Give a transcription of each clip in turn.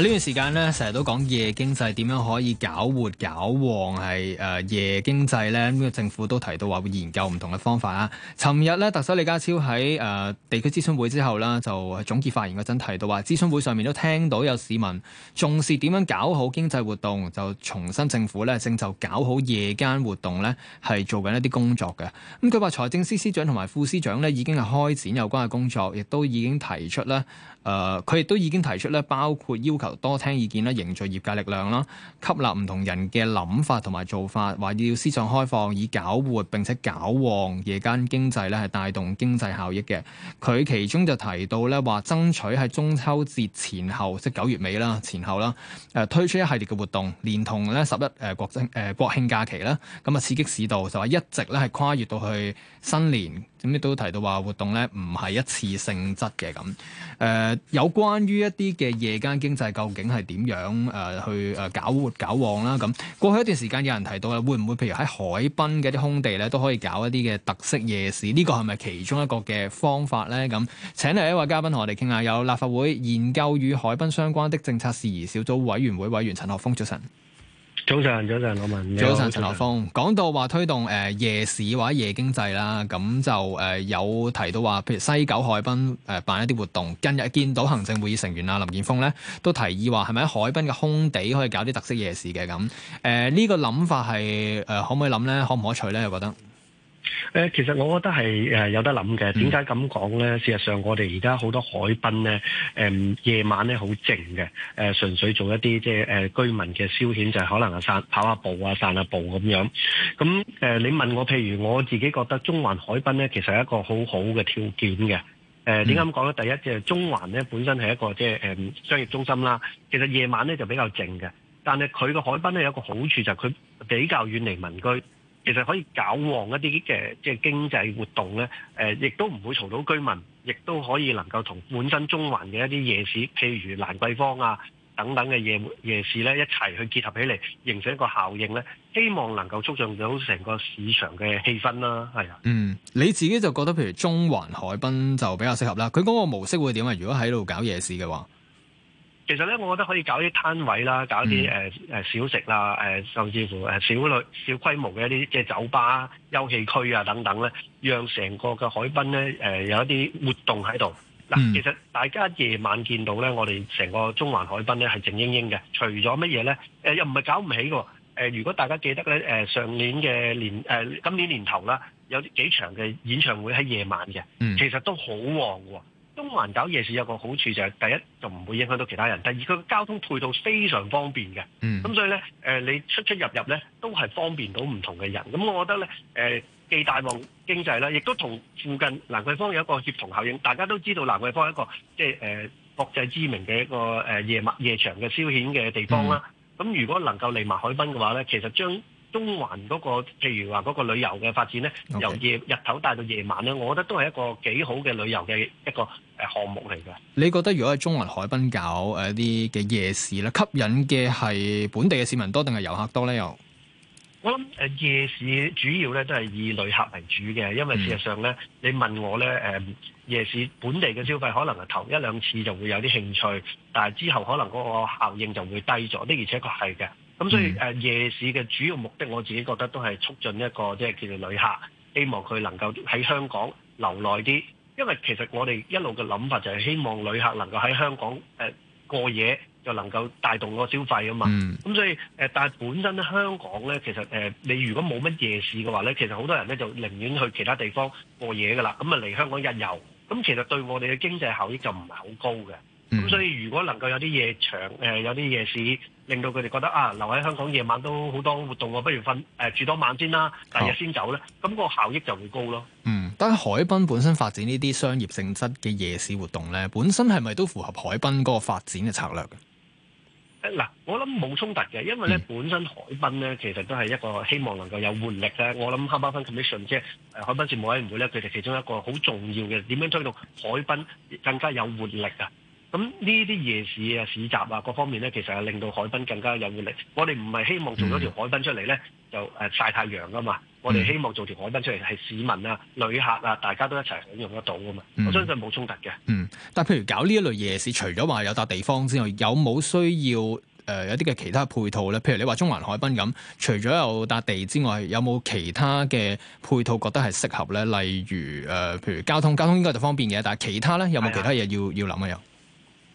呢、啊、段時間咧，成日都講夜經濟點樣可以搞活搞旺是，係、呃、誒夜經濟咧。呢個政府都提到話會研究唔同嘅方法啊。尋日咧，特首李家超喺誒、呃、地區諮詢會之後咧，就總結發言嗰陣提到話，諮詢會上面都聽到有市民重視點樣搞好經濟活動，就重申政府咧正就搞好夜間活動咧係做緊一啲工作嘅。咁佢話財政司司長同埋副司長咧已經係開展有關嘅工作，亦都已經提出咧誒佢亦都已經提出咧，包括要求。多聽意見啦，凝聚業界力量啦，吸納唔同人嘅諗法同埋做法，話要思想開放，以搞活並且搞旺夜間經濟咧，係帶動經濟效益嘅。佢其中就提到咧，話爭取喺中秋節前後，即係九月尾啦，前後啦，誒推出一系列嘅活動，連同咧十一誒國精誒國慶假期啦，咁啊刺激市道，就話一直咧係跨越到去新年。咁亦都提到話活動咧唔係一次性質嘅，咁，誒、呃、有關於一啲嘅夜間經濟究竟係點樣誒、呃、去誒搞活搞旺啦，咁、啊。過去一段時間有人提到啦，會唔會譬如喺海濱嘅一啲空地咧都可以搞一啲嘅特色夜市？呢個係咪其中一個嘅方法咧？咁、啊、請嚟一位嘉賓同我哋傾下，有立法會研究與海濱相關的政策事宜小組委員會委員陳學鋒，早晨。主早晨，早晨，我問你早晨上，陳學鋒講到話推動誒、呃、夜市或者夜經濟啦，咁就誒、呃、有提到話，譬如西九海濱誒、呃、辦一啲活動，近日見到行政會議成員啊林健鋒咧都提議話係咪喺海濱嘅空地可以搞啲特色夜市嘅咁？誒呢、呃，這個諗法係誒、呃、可唔可以諗咧？可唔可取咧？我覺得？誒，其實我覺得係誒有得諗嘅。點解咁講咧？事實上，我哋而家好多海濱咧，誒、呃、夜晚咧好靜嘅。誒、呃、純粹做一啲即係誒居民嘅消遣，就係、係、可能啊散跑下步啊、散下步咁樣。咁誒、呃，你問我，譬如我自己覺得中環海濱咧，其實係一個很好好嘅條件嘅。誒，點解咁講咧？第一即係中環咧本身係一個即係誒商業中心啦。其實夜晚咧就比較靜嘅，但係佢嘅海濱咧有一個好處就係佢比較遠離民居。其實可以搞旺一啲嘅即係經濟活動咧，誒，亦都唔會嘈到居民，亦都可以能夠同本身中環嘅一啲夜市，譬如蘭桂坊啊等等嘅夜夜市咧一齊去結合起嚟，形成一個效應咧，希望能夠促進到成個市場嘅氣氛啦。係啊，嗯，你自己就覺得譬如中環海濱就比較適合啦。佢嗰個模式會點啊？如果喺度搞夜市嘅話？其實咧，我覺得可以搞一啲攤位啦，搞一啲誒小食啦，誒、嗯、甚至乎小小規模嘅一啲嘅酒吧、休憩區啊等等咧，讓成個嘅海濱咧誒有一啲活動喺度。嗱、嗯，其實大家夜晚見到咧，我哋成個中環海濱咧係靜英英嘅，除咗乜嘢咧？誒又唔係搞唔起嘅。誒如果大家記得咧，誒上年嘅年誒今年年頭啦，有幾場嘅演唱會喺夜晚嘅，其實都好旺嘅。中環搞夜市有個好處，就係第一就唔會影響到其他人，第二佢個交通配套非常方便嘅。咁、mm. 所以咧、呃、你出出入入咧都係方便到唔同嘅人。咁我覺得咧、呃、既大旺經濟啦，亦都同附近蘭桂坊有一個協同效應。大家都知道蘭桂坊係一個即係、就是呃、國際知名嘅一個夜幕夜場嘅消遣嘅地方啦。咁、mm. 如果能夠嚟埋海濱嘅話咧，其實將中環嗰、嗰個譬如話嗰個旅遊嘅發展呢 Okay. 由夜日頭帶到夜晚呢我覺得都係一個幾好嘅旅遊嘅一個誒項目嚟嘅。你覺得如果喺中環海濱搞誒啲嘅夜市呢吸引嘅係本地嘅市民多定係遊客多呢？又我諗夜市主要呢都係以旅客為主嘅，因為事實上呢，嗯、你問我呢，誒夜市本地嘅消費可能係頭一兩次就會有啲興趣，但係之後可能嗰個效應就會低咗。是的而且確係嘅。咁、嗯、所以誒、呃、夜市嘅主要目的，我自己覺得都係促進一個即係叫做旅客，希望佢能夠喺香港留耐啲。因為其實我哋一路嘅諗法就係希望旅客能夠喺香港誒、呃、過夜，就能夠帶動個消費啊嘛。咁、嗯嗯、所以誒、呃，但係本身香港咧，其實誒、呃、你如果冇乜夜市嘅話咧，其實好多人咧就寧願去其他地方過夜噶啦。咁啊嚟香港一日遊，咁其實對我哋嘅經濟效益就唔係好高嘅。咁、嗯、所以如果能夠有啲夜場，誒、呃，有啲夜市。令到佢哋覺得啊，留喺香港夜晚都好多活動，我不如瞓誒、呃、住多晚先啦，第二日先走咧，咁好個效益就會高咯。嗯，但係海濱本身發展呢啲商業性質嘅夜市活動咧，本身係咪都符合海濱嗰個發展嘅策略嘅？嗱，我諗冇衝突嘅，因為咧、嗯、本身海濱咧其實都係一個希望能夠有活力咧。我諗哈巴分 commission 即、就、係、是、海濱事務委員會咧，佢哋其中一個好重要嘅點樣推動海濱更加有活力啊！咁呢啲夜市啊、市集啊各方面呢，其實係令到海濱更加有活力。我哋唔係希望做咗條海濱出嚟呢，嗯、就誒、呃、曬太陽啊嘛。我哋希望做條海濱出嚟係市民啊、旅客啊，大家都一齊享用得到啊嘛。我相信冇衝突嘅、嗯。嗯，但譬如搞呢一類夜市，除咗話有笪地方之外，有冇需要誒、呃、有啲嘅其他配套呢？譬如你話中環海濱咁，除咗有笪地之外，有冇其他嘅配套覺得係適合呢？例如誒、呃、譬如交通，交通應該就方便嘅。但係其他呢，有冇其他嘢要係、啊、要諗啊？有。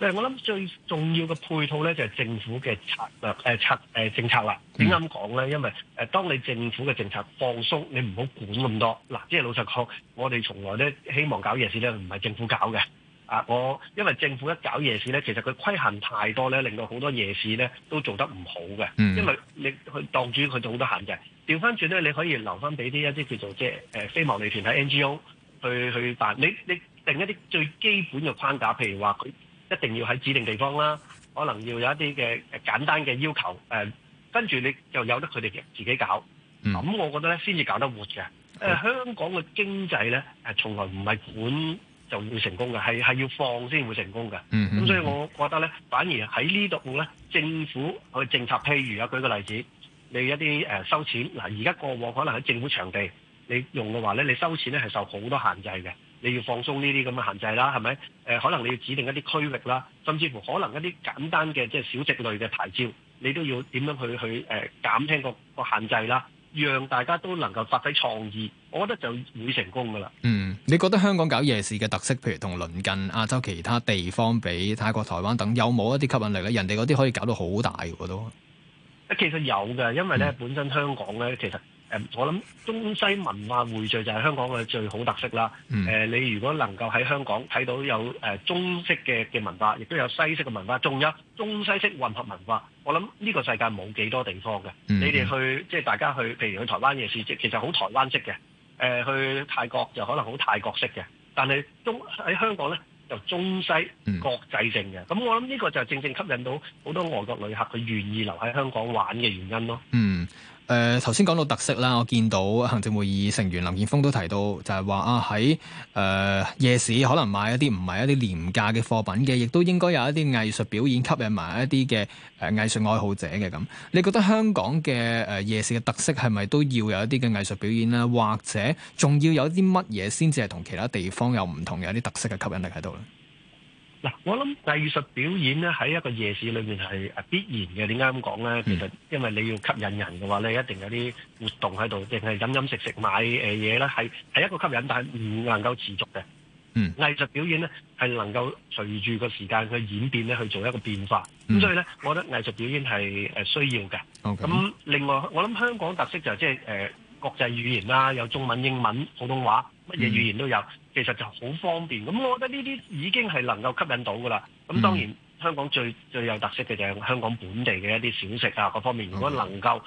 我諗最重要嘅配套咧，就係政府嘅策略、呃、策誒、呃、政策啦。點解咁講咧，因為誒，當你政府嘅政策放鬆，你唔好管咁多嗱。即係老實講，我哋從來咧希望搞夜市咧，唔係政府搞嘅啊。我因為政府一搞夜市咧，其實佢規限太多咧，令到好多夜市咧都做得唔好嘅。嗯、因為你去當主，佢就好得閒。調翻轉咧，你可以留翻俾啲一啲叫做即係非牟利團體 N G O 去去辦。你你定一啲最基本嘅框架，譬如話佢。一定要喺指定地方啦，可能要有一啲嘅簡單嘅要求、呃、跟住你就由得佢哋自己搞，咁、嗯嗯、我覺得咧先至搞得活嘅。呃嗯、香港嘅經濟咧從來唔係管就會成功嘅，係係要放先會成功嘅。咁、嗯嗯、所以我覺得咧，反而喺呢度咧，政府去政策，譬如啊，舉個例子，你一啲收錢，嗱，而家過往可能喺政府場地你用嘅話咧，你收錢咧係受好多限制嘅。你要放鬆呢啲咁嘅限制啦，係咪？誒、呃，可能你要指定一啲區域啦，甚至乎可能一啲簡單嘅即係小食類嘅牌照，你都要點樣去去誒、呃、減輕個個限制啦，讓大家都能夠發揮創意，我覺得就會成功㗎喇。嗯，你覺得香港搞夜市嘅特色，譬如同鄰近亞洲其他地方比，泰國、台灣等，有冇一啲吸引力咧？人哋嗰啲可以搞到好大嘅都。其實有嘅，因為咧、嗯、本身香港咧，其實。我諗中西文化匯聚就係香港嘅最好特色啦。嗯呃、你如果能夠喺香港睇到有中式嘅嘅文化，亦都有西式嘅文化，仲有中西式混合文化，我諗呢個世界冇幾多地方嘅。嗯、你哋去即係大家去，譬如去台灣夜市，即其實好台灣式嘅、呃。去泰國就可能好泰國式嘅。但係中喺香港呢，就中西國際性嘅。咁、嗯、我諗呢個就正正吸引到好多外國旅客佢願意留喺香港玩嘅原因咯。嗯。誒頭先講到特色啦，我見到行政會議成員林健鋒都提到，就係、是、話啊喺誒、呃、夜市可能買一啲唔係一啲廉價嘅貨品嘅，亦都應該有一啲藝術表演吸引埋一啲嘅誒藝術愛好者嘅咁。你覺得香港嘅、呃、夜市嘅特色係咪都要有一啲嘅藝術表演呢？或者仲要有啲乜嘢先至係同其他地方有唔同有啲特色嘅吸引力喺度呢？嗱，我諗藝術表演咧喺一個夜市裏面係必然嘅。點解咁講咧？其實因為你要吸引人嘅話咧，一定有啲活動喺度，定係飲飲食食買誒嘢咧，係、呃、係一個吸引，但係唔能夠持續嘅。嗯，藝術表演咧係能夠隨住個時間去演變咧去做一個變化。咁、嗯、所以咧，我覺得藝術表演係誒需要嘅。咁 Okay. 另外，我諗香港特色就即係誒國際語言啦，有中文、英文、普通話。乜嘢語言都有，其實就好方便。咁我覺得呢啲已經係能夠吸引到噶啦。咁當然，香港最最有特色嘅就係香港本地嘅一啲小食啊，各方面如果能夠。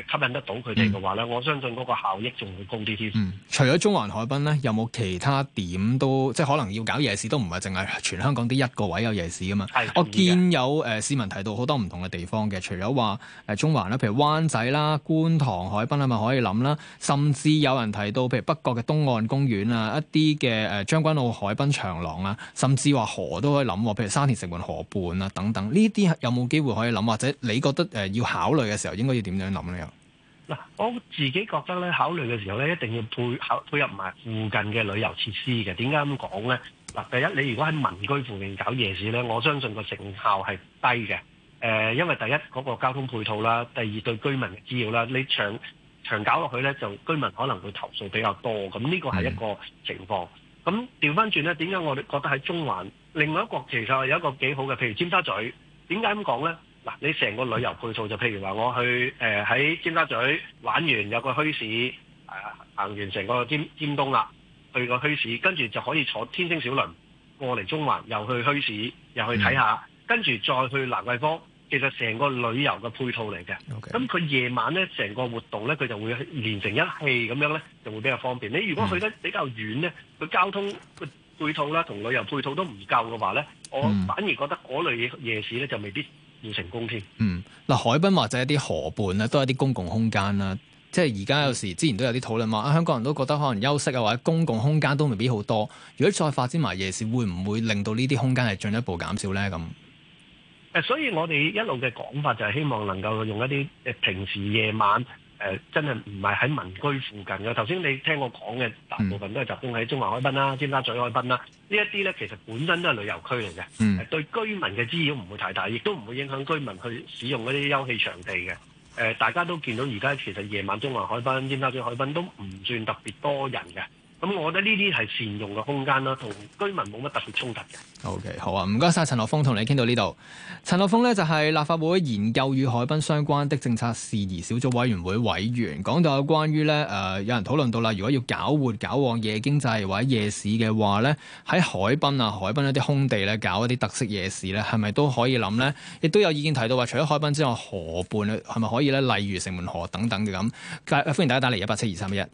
吸引得到佢哋嘅話咧，嗯、我相信嗰個效益仲會高啲添。嗯，除咗中環海濱咧，有冇其他點都即係可能要搞夜市都唔係淨係全香港啲一個位有夜市噶嘛？係，我見有誒、呃、市民提到好多唔同嘅地方嘅，除咗話誒中環啦，譬如灣仔啦、觀塘海濱啊，係咪可以諗啦。甚至有人提到譬如北角嘅東岸公園啊，一啲嘅誒將軍澳海濱長廊啊，甚至話河都可以諗喎，譬如沙田城門河畔啊等等。呢啲有冇機會可以諗，或者你覺得誒、呃、要考慮嘅時候應該要點樣諗呢？嗱，我自己覺得咧，考慮嘅時候咧，一定要配合配合埋附近嘅旅遊設施嘅。點解咁講咧？嗱，第一，你如果喺民居附近搞夜市咧，我相信個成效係低嘅。誒、呃，因為第一嗰、那個交通配套啦，第二對居民嘅滋擾啦，你長長搞落去咧，就居民可能會投訴比較多。咁、這、呢個係一個情況。咁調返轉咧，點解我哋覺得喺中環另外一個其實有一個幾好嘅，譬如尖沙咀。點解咁講咧？嗱，你成個旅遊配套就譬如話，我去誒喺尖沙咀玩完，有個墟市、呃，行完成個尖尖東啦，去個墟市，跟住就可以坐天星小輪過嚟中環，又去墟市，又去睇下，嗯、跟住再去蘭桂坊。其實成個旅遊嘅配套嚟嘅，咁佢 Okay. 夜晚呢，成個活動呢，佢就會連成一氣咁樣呢，就會比較方便。你如果去得比較遠、嗯、呢，佢交通個配套啦，同旅遊配套都唔夠嘅話呢，我反而覺得嗰類夜市呢，就未必。要成功添，嗯，嗱，海濱或者一啲河畔咧，都係一啲公共空間啦。即係而家有時之前都有啲討論話，啊，香港人都覺得可能休息啊或者公共空間都未必好多。如果再發展埋夜市，會唔會令到呢啲空間係進一步減少咧？咁誒，所以我哋一路嘅講法就係希望能夠用一啲誒平時夜晚。誒、呃、真係唔係喺民居附近嘅。頭先你聽我講嘅大部分、mm. 都係集中喺中環海濱啦、尖沙咀海濱啦，這些呢一啲咧其實本身都係旅遊區嚟嘅、mm. 呃，對居民嘅滋擾唔會太大，亦都唔會影響居民去使用嗰啲休憩場地嘅。誒、呃，大家都見到而家其實夜晚中環海濱、尖沙咀海濱都唔算特別多人嘅。咁我覺得呢啲係善用嘅空間啦，同居民冇乜特別衝突嘅。OK，好啊，唔該晒，陳學鋒同你傾到呢度。陳學鋒咧就係、是、立法會研究與海濱相關的政策事宜小組委員會委員。講到有關於咧、呃，有人討論到啦，如果要搞活搞旺夜經濟或者夜市嘅話咧，喺海濱啊、海濱一啲空地咧，搞一啲特色夜市咧，係咪都可以諗咧？亦都有意見提到話，除咗海濱之外，河畔咧係咪可以咧？例如城門河等等嘅咁、呃。歡迎大家打嚟一八七二三一。